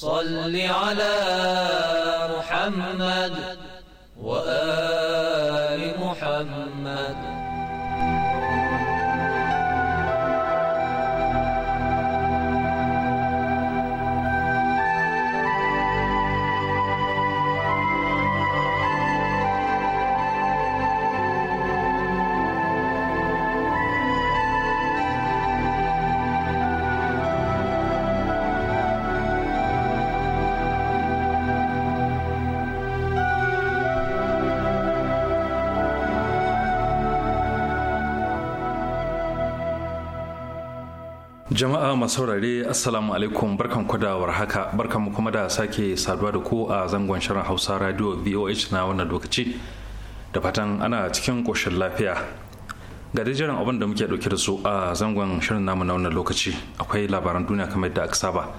صل على jama'a masu saurare assalamu alaikum barkan kwadawar haka barkan mu kuma da sake saduwa da ku a zangon shirin hausa radio voh na wannan lokaci da fatan ana cikin koshin lafiya ga jiran abin da muke dauke da su a zangon shirin namu na wannan lokaci akwai labaran duniya kamar da aka saba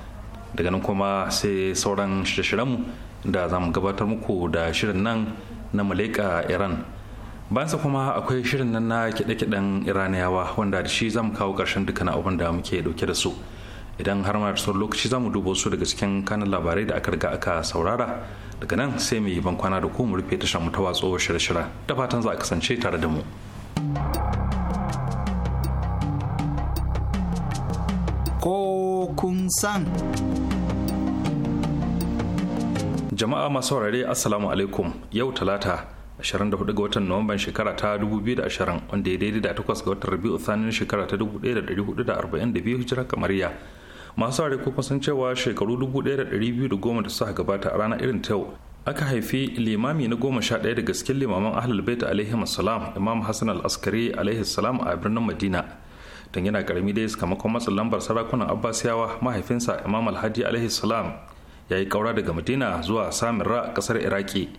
daga nan kuma sai sauran shirye-shiryenmu da za mu gabatar muku da shirin nan na malaika iran bayansa kuma akwai shirin nan na kiɗe-kiɗen iraniyawa wanda da shi zamu kawo ƙarshen dukkan abin da muke ɗauke da su idan har ma son lokaci mu dubo su daga cikin kanan labarai da aka riga aka saurara daga nan sai mu yi ban kwana da ku mu rufe tashar mu ta watso shirye-shirye da fatan za a kasance tare da mu. Ko kun san. Jama'a masu saurare Assalamu alaikum yau talata 24 ga watan Nuwamban shekara ta 2020 wanda ya daidai da 8 ga watan Rabiu Thani shekara ta 1442 hijira kamariya. Masu aure kuma sun cewa shekaru 1210 da suka gabata a rana irin ta yau aka haifi limami na goma sha ɗaya daga cikin limaman ahlul bait alaihi salam imam hassan al-askari alaihi salam a birnin madina tun yana karami dai makon matsin lambar sarakunan abbasiyawa mahaifinsa imam alhaji alaihi salam ya yi kaura daga madina zuwa samirra kasar iraki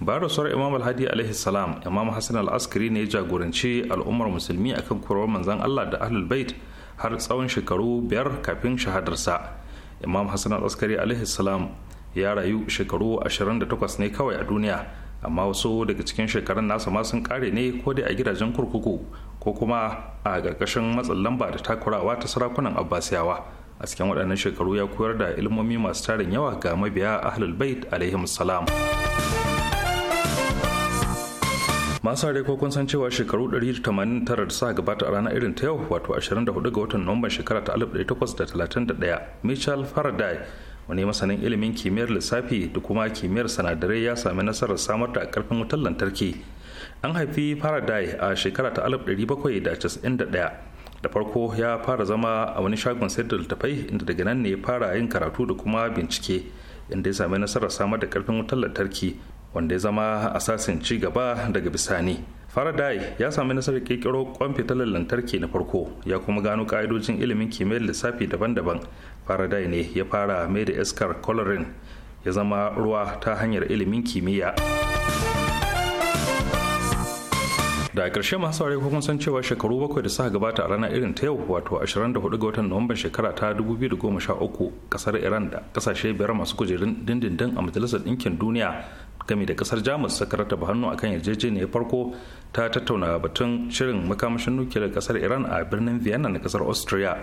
bayan rasuwar imam alhadi alaihi salam imam hassan al-askari ne ya jagoranci al'ummar musulmi akan kurawar manzon allah da ahlul bait har tsawon shekaru biyar kafin shahadarsa imam hassan al-askari alaihi salam ya rayu shekaru 28 ne kawai a duniya amma wasu daga cikin shekarun nasa ma sun kare ne ko dai a gidajen kurkuku ko kuma a gargashin matsin lamba da takurawa ta sarakunan abbasiyawa a cikin waɗannan shekaru ya koyar da ilmomi masu tarin yawa ga mabiya ahlul bait alaihi salam masu ko kun san cewa shekaru 189 da suka gabata a ranar irin ta yau wato 24 ga watan nomban shekara ta 1831 michel faraday wani masanin ilimin kimiyyar lissafi da kuma kimiyyar sanadarai ya sami nasarar samar da karfin wutar lantarki an haifi faraday a shekara ta 1791 da farko ya fara zama a wani shagon sayar da littafai inda daga nan ne ya fara yin karatu da kuma bincike inda ya sami nasarar samar da karfin wutar lantarki wanda ya zama asasin ci gaba daga bisani faraday ya sami nasarar kirkiro kwan fitilar lantarki na farko ya kuma gano ka'idojin ilimin kimiyyar lissafi daban-daban faraday ne ya fara mai da iskar colorin ya zama ruwa ta hanyar ilimin kimiyya da ƙarshe masu saurari kuma san cewa shekaru bakwai da suka gabata a ranar irin ta yau wato 24 ga watan nuwamban shekara ta 2013 kasar iran da kasashe biyar masu kujerun dindindin a majalisar ɗinkin duniya gami da kasar jamus suka rataba hannu akan yarjejeniyar farko ta tattauna batun shirin makamashin nukiliyar kasar iran a birnin vienna na kasar austria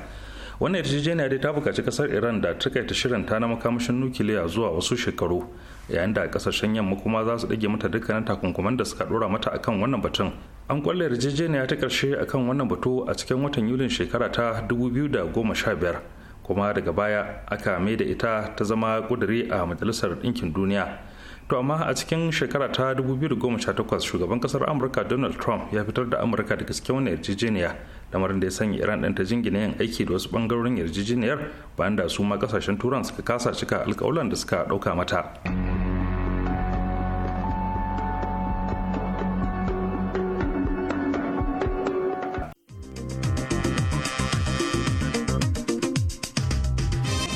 wannan yarjejeniya dai ta bukaci kasar iran da takaita shirin ta na makamashin nukiliya zuwa wasu shekaru yayin da kasashen yamma kuma za su dage mata dukkanin takunkuman da suka dora mata akan wannan batun an kwallo yarjejeniya ta karshe akan wannan batu a cikin watan yulin shekara ta 2015 kuma daga baya aka mai da ita ta zama kuduri a majalisar ɗinkin duniya to amma a cikin shekara ta 2018 shugaban kasar amurka donald trump ya fitar da amurka daga gaske wani yarjejeniya lamarin da ya sanya iran ɗin ta jingina yin aiki da wasu ɓangarorin yarjejeniyar bayan da su ma kasashen turan suka kasa cika alƙawuran da suka ɗauka mata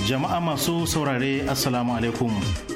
jama'a masu saurare assalamu alaikum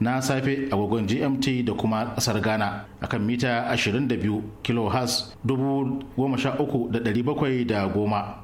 na safe agogon gmt da kuma kasar ghana kan mita 22 kilohertz 13710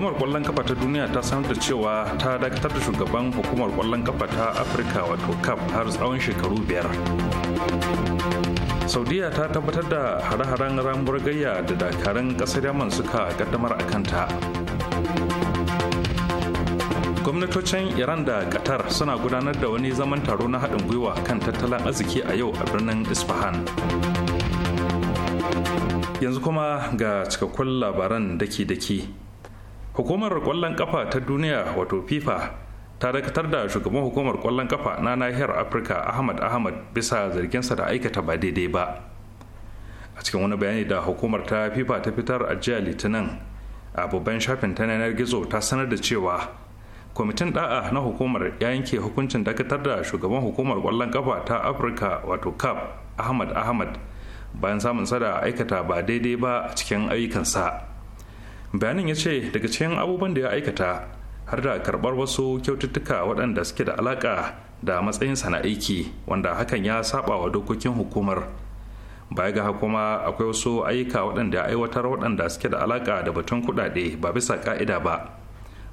hukumar kwallon kafa ta duniya ta sanar da cewa ta dakatar da shugaban hukumar kwallon kafa ta afirka wato cap har tsawon shekaru biyar saudiya ta tabbatar da hare-haren ramuwar gayya da dakarun kasar yaman suka kaddamar a kanta gwamnatocin iran da qatar suna gudanar da wani zaman taro na haɗin gwiwa kan tattalin arziki a yau a birnin isfahan yanzu kuma ga cikakkun labaran daki-daki hukumar kwallon kafa ta duniya wato fifa ta dakatar da shugaban hukumar kwallon kafa na nahiyar afirka ahmad ahmad bisa zarginsa da aikata ba daidai ba a cikin wani bayani da hukumar ta fifa ta fitar a jiya litinin a babban shafin ta yanar gizo ta sanar da cewa kwamitin da'a na hukumar ya yanke hukuncin dakatar da shugaban hukumar kwallon kafa ta afirka wato cap ahmad ahmad bayan samun sada aikata ba daidai ba a cikin ayyukansa bayanin ya ce daga cikin abubuwan da ya aikata har da karɓar wasu kyaututtuka waɗanda suke da alaƙa da matsayinsa na aiki wanda hakan ya saba wa dokokin hukumar baya ga kuma akwai wasu ayyuka waɗanda ya aiwatar waɗanda suke da alaƙa da batun kuɗaɗe ba bisa ƙa'ida ba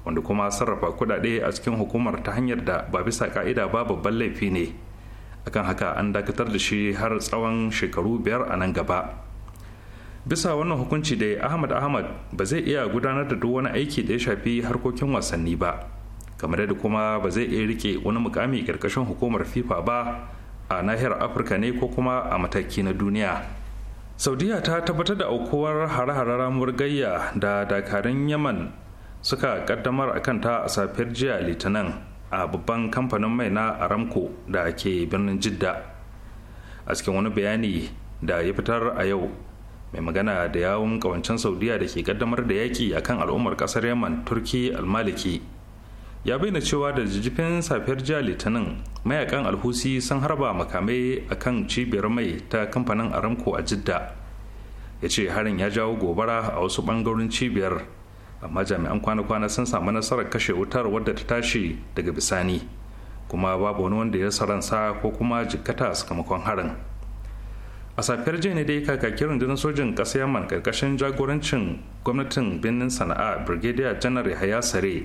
wanda kuma sarrafa kuɗaɗe a cikin hukumar ta hanyar da ba bisa ƙa'ida ba babban laifi ne akan haka an dakatar da shi har tsawon shekaru biyar a nan gaba bisa wannan hukunci da ahmad ahmad ba zai iya gudanar da duk wani aiki da ya shafi harkokin wasanni ba kamar da kuma ba zai iya rike wani mukami karkashin hukumar fifa ba a nahiyar afirka ne ko kuma a mataki na duniya saudiya ta tabbatar da aukuwar hare-hare ramuwar gayya da dakarun yaman suka kaddamar a kanta a safiyar jiya litinin a babban kamfanin mai na aramco da ke birnin jidda a cikin wani bayani da ya fitar a yau mai magana da yawon kawancen saudiya da ke kaddamar da yaƙi a kan al'ummar ƙasar yaman turki almaliki ya bayyana cewa da jijjifin safiyar jiya litinin mayakan alhusi sun harba makamai a kan cibiyar mai ta kamfanin aramco a jidda ya ce harin ya jawo gobara a wasu ɓangarorin cibiyar amma jami'an kwana-kwana sun samu nasarar kashe wutar wadda ta tashi daga bisani kuma babu wani wanda ya saransa ko kuma jikkata sakamakon harin a safiyar jiya ne dai kirin jirgin sojin ƙasar yaman karkashin jagorancin gwamnatin birnin sana'a brigadier janar yahaya sare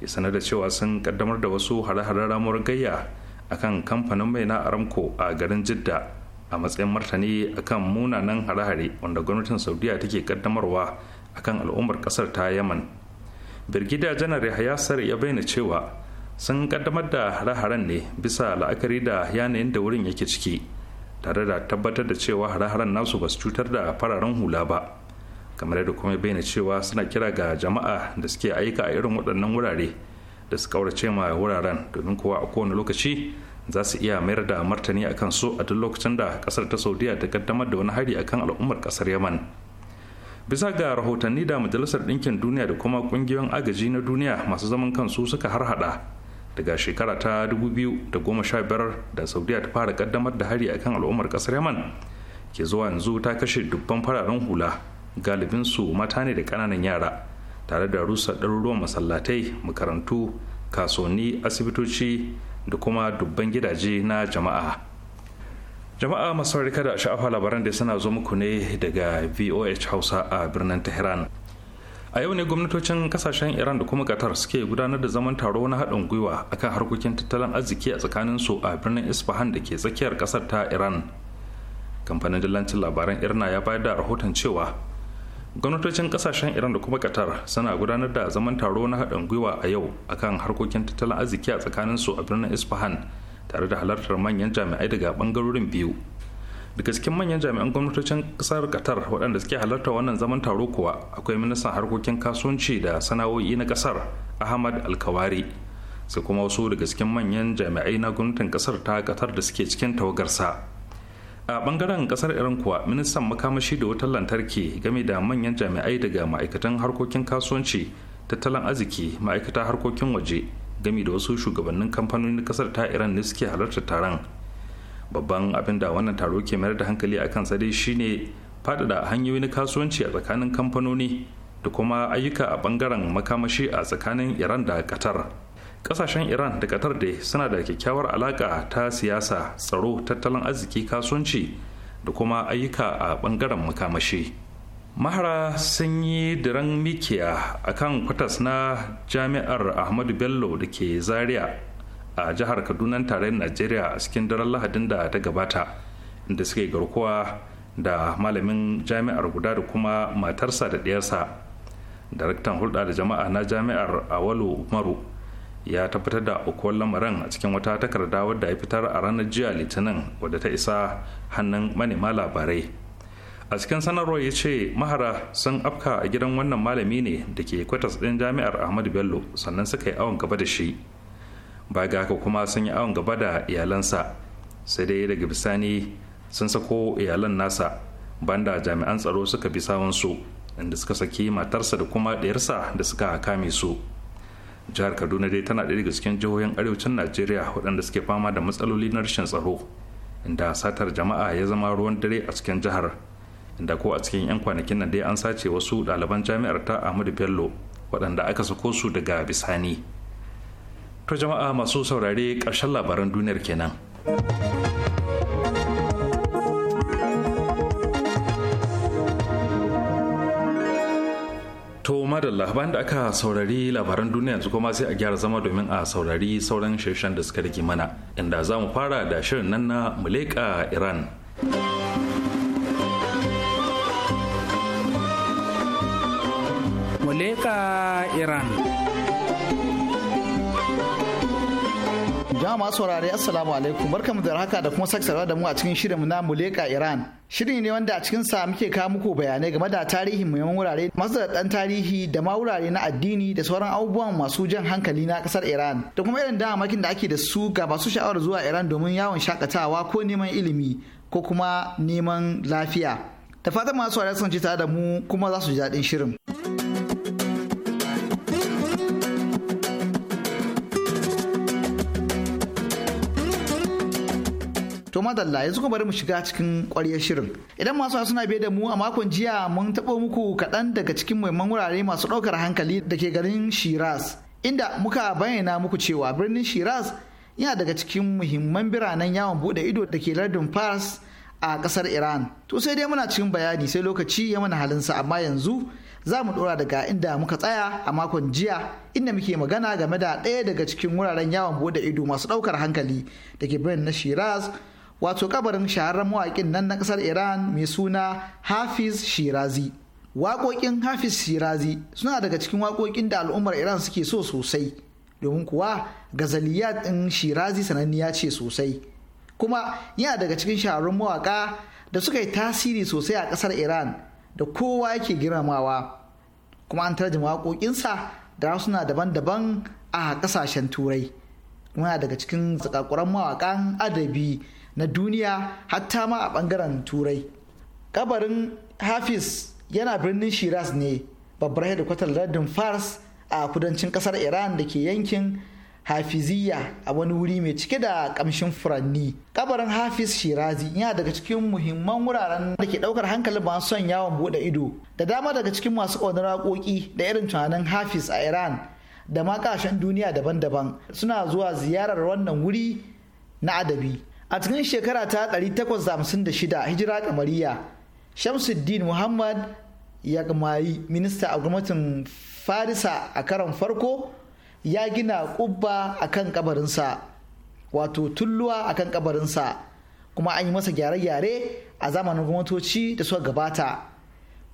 ya sanar da cewa sun kaddamar da wasu hare-haren ramuwar gayya akan kamfanin mai na aramco a garin jidda a matsayin martani akan munanan hare-hare wanda gwamnatin saudiya take kaddamarwa akan al'ummar kasar ta yaman birgida janar yahaya sare ya bayyana cewa sun kaddamar da hare-haren ne bisa la'akari da yanayin da wurin yake ciki tare da tabbatar da cewa hare-haren nasu ba su cutar da fararen hula ba kamar yadda kuma bayyana cewa suna kira ga jama'a da suke aika a irin waɗannan wurare da su ƙaurace ma wuraren domin kowa a kowane lokaci za su iya mayar da martani akan su a duk lokacin da ƙasar ta saudiya ta kaddamar da wani hari akan al'ummar kasar yaman bisa ga rahotanni da majalisar ɗinkin duniya da kuma ƙungiyoyin agaji na duniya masu zaman kansu suka harhaɗa daga shekara ta 2015 da saudiya ta fara kaddamar da hari a kan al'ummar kasar yaman ke zuwa yanzu ta kashe dubban fararen hula galibin su mata ne da ƙananan yara tare da rusa ɗaruruwan masallatai makarantu kasuwanni asibitoci da kuma dubban gidaje na jama'a jama'a masu kada sha'afa labaran da suna zo muku ne daga voh hausa a birnin tehran a yau ne gwamnatocin kasashen iran da kuma qatar suke gudanar da zaman taro na haɗin gwiwa akan harkokin tattalin arziki a tsakanin su a birnin isfahan da ke tsakiyar ƙasar ta iran kamfanin dillancin labaran irna ya bayar da rahoton cewa gwamnatocin kasashen iran da kuma qatar suna gudanar da zaman taro na haɗin gwiwa a yau akan harkokin tattalin arziki a tsakanin su a birnin isfahan tare da halartar manyan jami'ai daga bangarorin biyu daga cikin manyan jami'an gwamnatocin kasar qatar waɗanda suke halarta wannan zaman taro kuwa akwai ministan harkokin kasuwanci da sana'o'i na kasar ahmad alkawari sai kuma wasu daga cikin manyan jami'ai na gwamnatin kasar ta qatar da suke cikin tawagarsa a bangaren kasar iran kuwa ministan makamashi da wutar lantarki game da manyan jami'ai daga ma'aikatan harkokin kasuwanci tattalin arziki ma'aikata harkokin waje game da wasu shugabannin kamfanonin kasar ta iran ne suke halarta taron babban abin da wannan taro ke mayar da hankali a kansa dai shine faɗaɗa hanyoyi na kasuwanci a tsakanin kamfanoni da kuma ayyuka a bangaren makamashi a tsakanin iran da qatar Ƙasashen iran da qatar dai suna da kyakkyawar alaƙa ta siyasa tsaro tattalin arziki kasuwanci da kuma ayyuka a bangaren makamashi mahara sun yi diran mikiya a kan kwatas na jami'ar ahmadu bello da ke zaria a jihar kaduna tarayyar najeriya a cikin daren lahadin da ta gabata inda suka yi garkuwa da malamin jami'ar guda da kuma matarsa da ɗiyarsa daraktan hulɗa da jama'a na jami'ar awalu umaru ya tabbatar da ukuwar lamarin a cikin wata takarda wadda ya fitar a ranar jiya litinin wadda ta isa hannun manema labarai a cikin sanarwar ya ce mahara sun afka a gidan wannan malami ne da ke kwatas ɗin jami'ar ahmadu bello sannan suka yi awon gaba da shi ba ga haka kuma sun yi awon gaba da iyalansa sai dai daga bisani sun sako iyalan nasa banda jami'an tsaro suka bi sawansu inda suka saki matarsa da kuma ɗayarsa da suka kame su jihar kaduna dai tana ɗaya daga cikin jihohin arewacin najeriya waɗanda suke fama da matsaloli na rashin tsaro inda satar jama'a ya zama ruwan dare a cikin jihar inda ko a cikin 'yan kwanakin nan dai an sace wasu ɗaliban jami'ar ta ahmadu bello waɗanda aka sako su daga bisani to jama'a masu saurare ƙarshen labaran duniyar kenan To madalla bayan da aka saurari labaran duniya yanzu kuma sai a gyara zama domin a saurari sauran shirshen da suka rage mana inda za mu fara da shirin nan na Muleka Iran. Muleka Iran. jama'a masu saurare assalamu alaikum barkamu da haka da kuma saksawa da mu a cikin shirin na muleka iran shirin ne wanda a cikin sa muke kawo muku bayanai game da tarihin muhimman wurare masu da dan tarihi da ma wurare na addini da sauran abubuwan masu jan hankali na kasar iran da kuma irin damakin da ake da su ga masu sha'awar zuwa iran domin yawon shakatawa ko neman ilimi ko kuma neman lafiya da fatan masu saurare sun ci tare da mu kuma za su ji daɗin shirin. to madalla yanzu kuma bari mu shiga cikin ƙwaryar shirin idan masu suna biye da mu a makon jiya mun taɓo muku kaɗan daga cikin muhimman wurare masu ɗaukar hankali da ke garin shiraz inda muka bayyana muku cewa birnin shiraz yana daga cikin muhimman biranen yawon buɗe ido da ke lardin fars a ƙasar iran to sai dai muna cikin bayani sai lokaci ya mana halinsa amma yanzu za mu ɗora daga inda muka tsaya a makon jiya inda muke magana game da ɗaya daga cikin wuraren yawon buɗe ido masu ɗaukar hankali da ke birnin na shiraz wato kabarin shaharar mawaƙin nan na ƙasar iran mai suna hafiz shirazi waƙoƙin hafiz shirazi suna daga cikin waƙoƙin da al'ummar iran suke so sosai domin kuwa gazaliyat ɗin shirazi sananniya ce sosai kuma yana daga cikin shaharar mawaƙa da suka yi tasiri sosai a ƙasar iran da kowa yake girmamawa kuma an tarjima waƙoƙinsa da suna daban-daban a ƙasashen turai kuma daga cikin zakakuran mawaƙan adabi na duniya hatta ma a bangaren turai kabarin hafiz yana birnin shiraz ne babbar hedikwatar lardin fars a kudancin kasar iran da ke yankin hafiziya a wani wuri mai cike da kamshin furanni kabarin hafiz shirazi yana daga cikin muhimman wuraren da ke daukar hankalin masu son yawon bude ido da dama daga cikin masu ƙaunar waƙoƙi da irin tunanin hafiz a iran da ma duniya daban-daban suna zuwa ziyarar wannan wuri na adabi a cikin shekara ta 856 hijira kamariya shamsuddin muhammad ya gamayi minista a gwamnatin farisa a karon farko ya gina kubba a kan kabarinsa wato tulluwa a kan kabarinsa kuma an yi masa gyare-gyare a zamanin gwamnatoci da suka gabata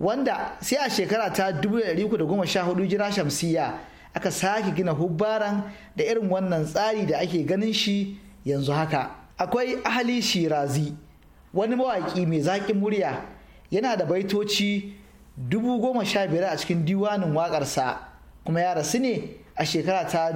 wanda sai a shekara ta 1314 jira shamsiya aka sake gina hubbaran da irin wannan tsari da ake ganin shi yanzu haka akwai ahali shirazi wani mawaƙi mai zaƙin murya yana da baitoci dubu goma sha biyar a cikin diwanin waƙarsa kuma ya rasu ne a shekara ta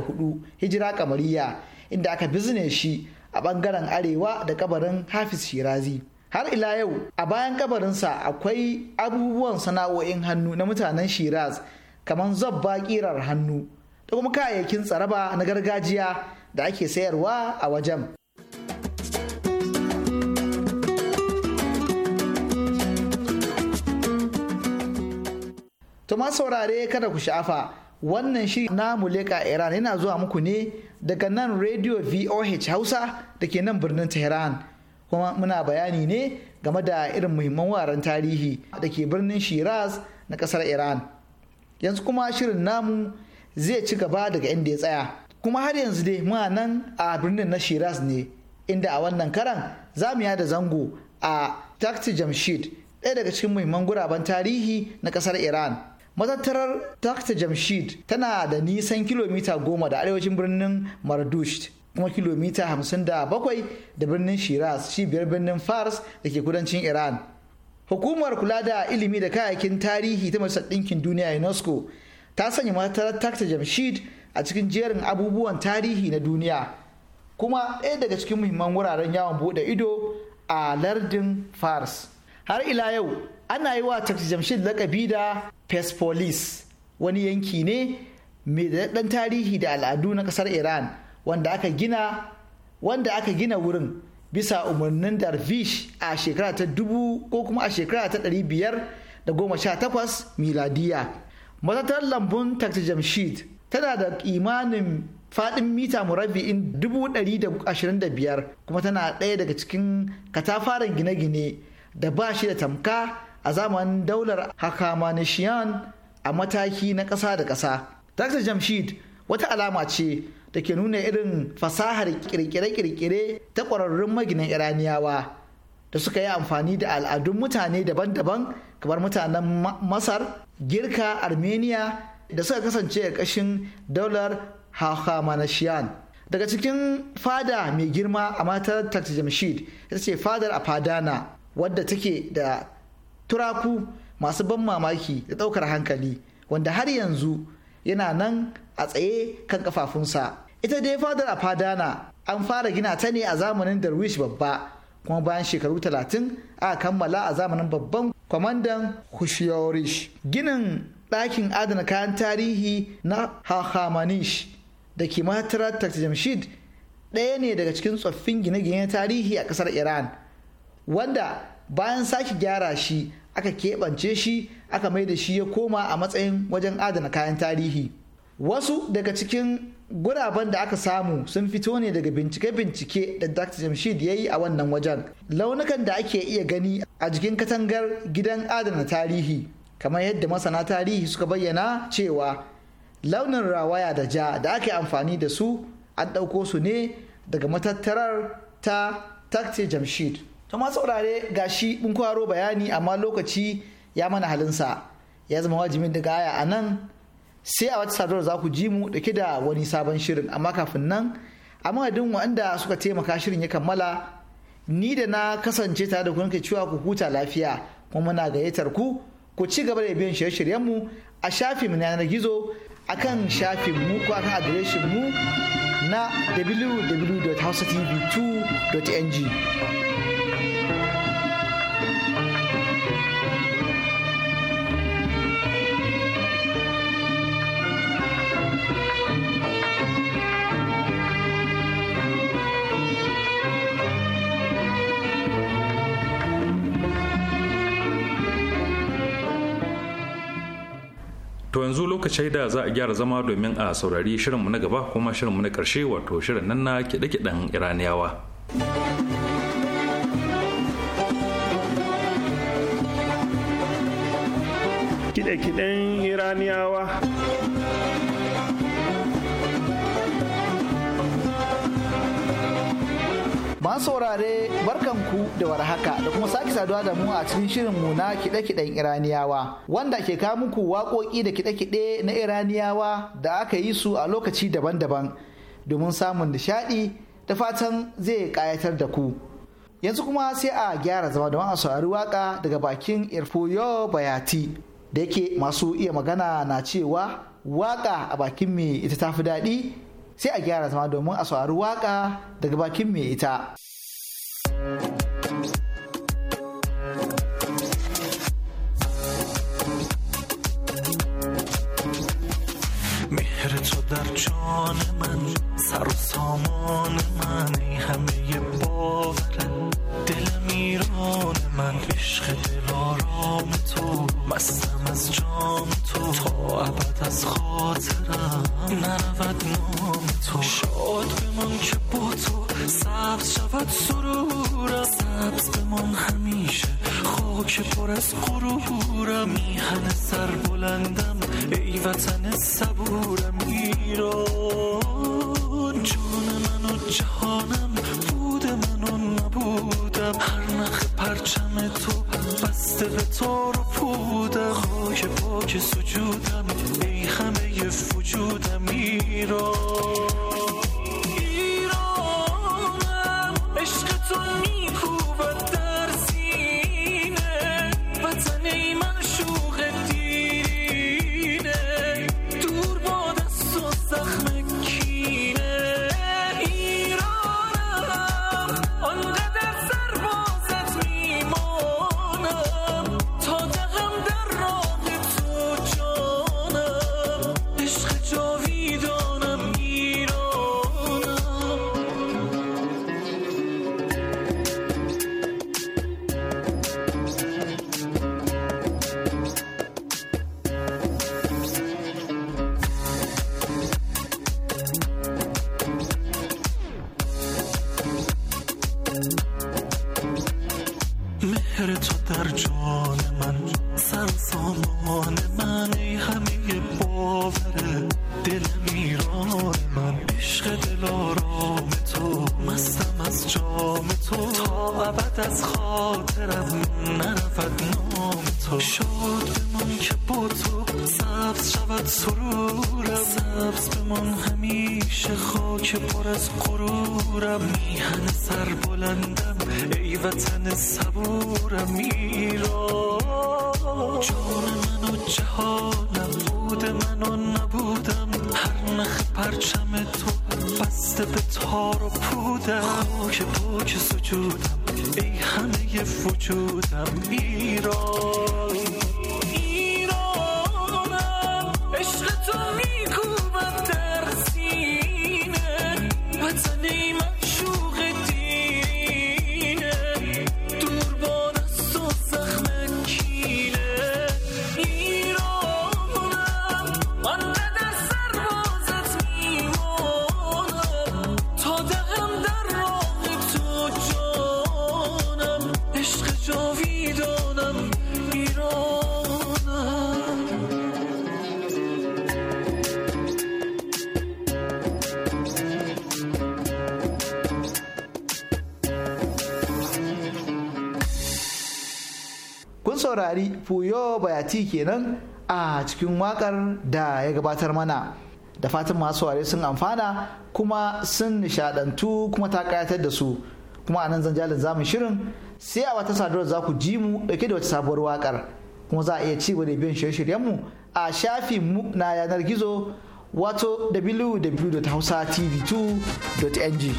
hudu hijira kamariya inda aka bizne shi a ɓangaren arewa da kabarin hafiz shirazi har ila yau a bayan kabarinsa akwai abubuwan sana'o'in hannu na mutanen shiraz kamar zabba ƙirar hannu da kuma kayayyakin tsaraba na gargajiya da ake sayarwa a wajen To ma saurare kada ku sha'afa wannan shi na muleka Iran yana zuwa muku ne daga nan Radio VOH Hausa da ke nan birnin Tehran. Kuma muna bayani ne game da irin muhimman wuraren tarihi da ke birnin Shiraz na kasar Iran. Yanzu kuma shirin namu zai ci gaba daga inda ya tsaya. Kuma har yanzu dai muna nan a birnin na Shiraz ne inda a wannan karan za mu yada zango a Takti Jamshid ɗaya daga cikin muhimman guraben tarihi na kasar Iran. matattarar takta jamshid tana da nisan kilomita goma da arewacin birnin mardush kuma kilomita hamsin da bakwai da birnin shiraz cibiyar birnin fars da ke kudancin iran hukumar kula da ilimi da kayayyakin tarihi ta majalisar ɗinkin duniya unesco ta sanya matattarar takta jamshid a cikin jerin abubuwan tarihi na duniya kuma ɗaya daga cikin muhimman wuraren yawon buɗe ido a lardin fars har ila yau ana yi wa jamshid lakabi da persepolis wani yanki ne mai daɗaɗɗen tarihi da al'adu na ƙasar iran wanda aka gina wanda aka gina wurin bisa umarnin darvish a shekara ta dubu ko kuma a shekara ta ɗari biyar da goma sha takwas miladiya matatar lambun taksi jamshid tana da imanin faɗin mita murabbi'in dubu ɗari da ashirin da biyar kuma tana ɗaya daga cikin katafaren gine-gine da ba shi da tamka a zamanin daular Hakamanishiyan a mataki na ƙasa da ƙasa. Dr. Jamshid wata alama ce da ke nuna irin fasahar kirkire-kirkire ta ƙwararrun maginan Iraniyawa da suka yi amfani da al'adun mutane daban-daban kamar mutanen Masar, Girka, Armenia da suka kasance a ƙashin daular Hakamanishiyan. daga cikin fada mai girma a matar Dr. Jamshid ita ce fadar a fadana wadda take da turaku masu ban mamaki da ɗaukar hankali wanda har yanzu yana nan a tsaye kan kafafunsa ita dai fadar a fadana an fara gina ta ne a zamanin darwish babba kuma bayan shekaru talatin aka kammala a zamanin babban kwamandan hushiyorish ginin ɗakin adana kayan tarihi na hahamanish da ke matarar jamshid ɗaya ne daga cikin tsoffin gine-gine tarihi a ƙasar iran wanda bayan sake gyara shi aka keɓance shi aka mai da shi ya koma a matsayin wajen adana kayan tarihi wasu daga cikin guraben da aka samu sun fito ne daga bincike-bincike da dr jamshid ya yi a wannan wajen launukan da ake iya gani a jikin katangar gidan adana tarihi kamar yadda masana tarihi suka bayyana cewa launin rawaya da ja da ake amfani da su an ɗauko su ne daga matattarar ta takte jamshid to ma saurare gashi mun kwaro bayani amma lokaci ya mana halinsa ya zama wajibin daga aya a nan sai a wata sadar za ku ji mu dake da wani sabon shirin amma kafin nan a madadin waɗanda suka taimaka shirin ya kammala ni da na kasance tare da ku cewa ku huta lafiya kuma muna gayyatar ku ku ci gaba da biyan shirye shiryen mu a shafin mu na yanar gizo akan shafin mu ko akan adireshin mu na www.hausatv2.ng yanzu lokaci da za a gyara zama domin a saurari shirinmu na gaba kuma shirinmu na karshe wato shirin nan na kiɗe-kiɗen iraniyawa kiɗe-kiɗen iraniyawa masu saurare barkanku da warhaka da kuma sake saduwa da mu a cikin shirin mu na kiɗe-kiɗen iraniyawa wanda ke kawo muku waƙoƙi da kiɗe-kiɗe na iraniyawa da aka yi su a lokaci daban-daban domin samun nishaɗi da fatan zai ƙayatar da ku yanzu kuma sai a gyara zama da a saurari waƙa daga bakin irfoyo bayati da yake masu iya magana na cewa waƙa a bakin mai ita tafi daɗi sai a gyara zama domin a saurari waka daga bakin mai ita. مهر تو در جان من سر و سامان من همه ایران من عشق دلارام تو مستم از جام تو تا عبد از خاطرم نرود نام تو شاد من که با تو سبز شود سرورم سبز من همیشه خاک پر از غرورم میهن سر بلندم ای وطن صبورم ایران جان من و جهانم suçu خاک پاک سجودم ای همه وجودم ایران ایرانم عشق تو میکوبم در سینه وطن من saurari fuyo bayati kenan a cikin wakar da ya gabatar mana da fatan masu ware sun amfana kuma sun nishadantu kuma ta kayatar da su kuma a nan jalin zamun shirin sai a wata sadarwar za ku ji mu dauke da wata sabuwar wakar kuma za a iya ci da biyan shirye mu a shafin mu na yanar gizo wato www.hausatv2.ng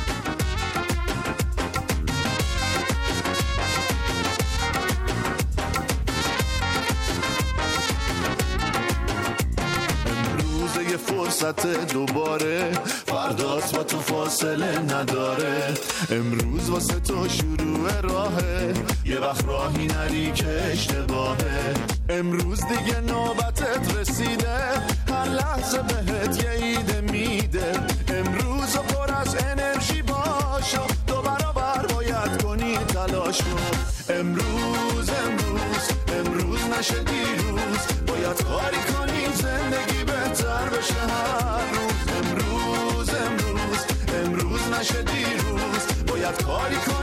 فرصت دوباره فردات با تو فاصله نداره امروز واسه تو شروع راهه یه وقت راهی نری که اشتباهه امروز دیگه نوبتت رسیده هر لحظه بهت یه ایده میده امروز و پر از انرژی باشو دو برابر باید کنی تلاش امروز امروز امروز نشه Harika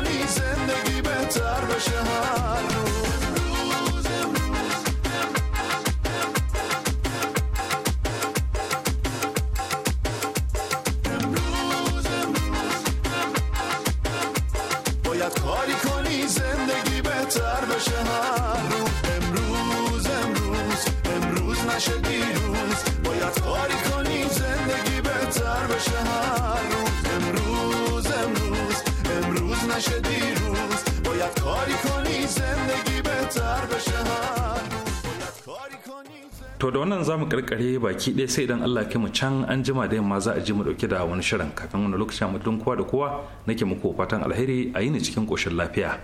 karkare baki ɗaya sai idan Allah ke mu can an jima da yamma za a ji mu dauke da wani shirin kafin wani lokaci mu kowa da kowa nake muku fatan alheri a yi ni cikin koshin lafiya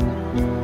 you